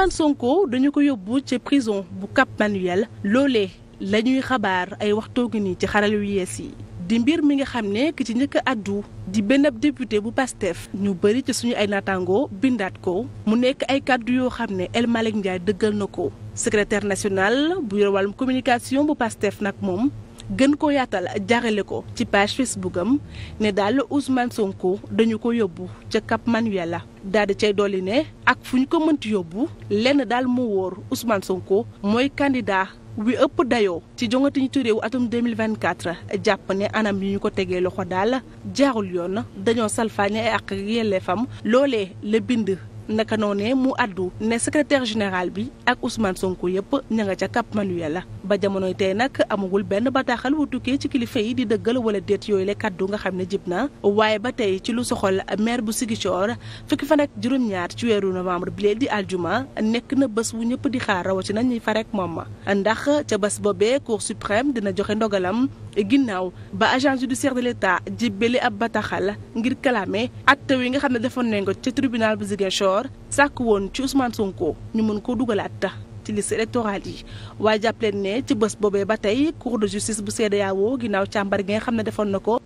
Ousmane Sonko dañu ko yóbbu ci prison bu Cap Manuel loolee lañuy xabaar ay waxtu gi nii ci xaral yu yees yi di mbir mi nga xam ne ki ci njëkk addu di benn ab bu Pastef ñu bëri ci suñu ay naataangoo bindaat ko mu nekk ay kàddu yoo xam ne El Malick dëggal na ko secrétaire national bu yor wàllum communication bu Pastef nag moom gën ko yaatal jaarale ko ci page Facebook am ne daal Ousmane Sonko dañu ko yóbbu ca Cap la daal di cay dolli ne ak fu ñu ko mënti yóbbu lenn daal mu wóor Ousmane Sonko mooy candidat wi ëpp dayoo ci jongante ñi réew atum 2024 jàpp ne anam yi ñu ko tegee loxo daal jaarul yoon dañoo salfaañe ak yelleefam loolee la bind naka noonee mu àddu ne secrétaire général bi ak Ousmane Sonko yëpp ña nga ca Cap Manuel ba jamonoy tey nag amagul benn bataaxal wu tukkee ci kilifa yi di dëggal wala déet yooyu la kàddu nga xam ne jib na waaye ba tey ci lu soxol maire bu Ziguinchor fukki fan ak juróom-ñaar ci weeru novembre bi di aljuma nekk na bés wu ñëpp di xaar rawatina ñuy farek moom ndax ca bés boobee cour suprême dina joxe ndogalam ginnaaw ba agent judiciaire de l'État jibbeli ab bataaxal ngir kalaame atte wi nga xam ne defoon nañ ko ca tribunal bu Ziguinchor Ziguinchor sàkk woon ci Ousmane Sonko ñu mën ko dugalaat ci liste électorale yi waaye jàpp leen ne ci bés boobee ba tey cour de justice bu CEDEAO ginnaaw càmbar gi nga xam ne defoon na ko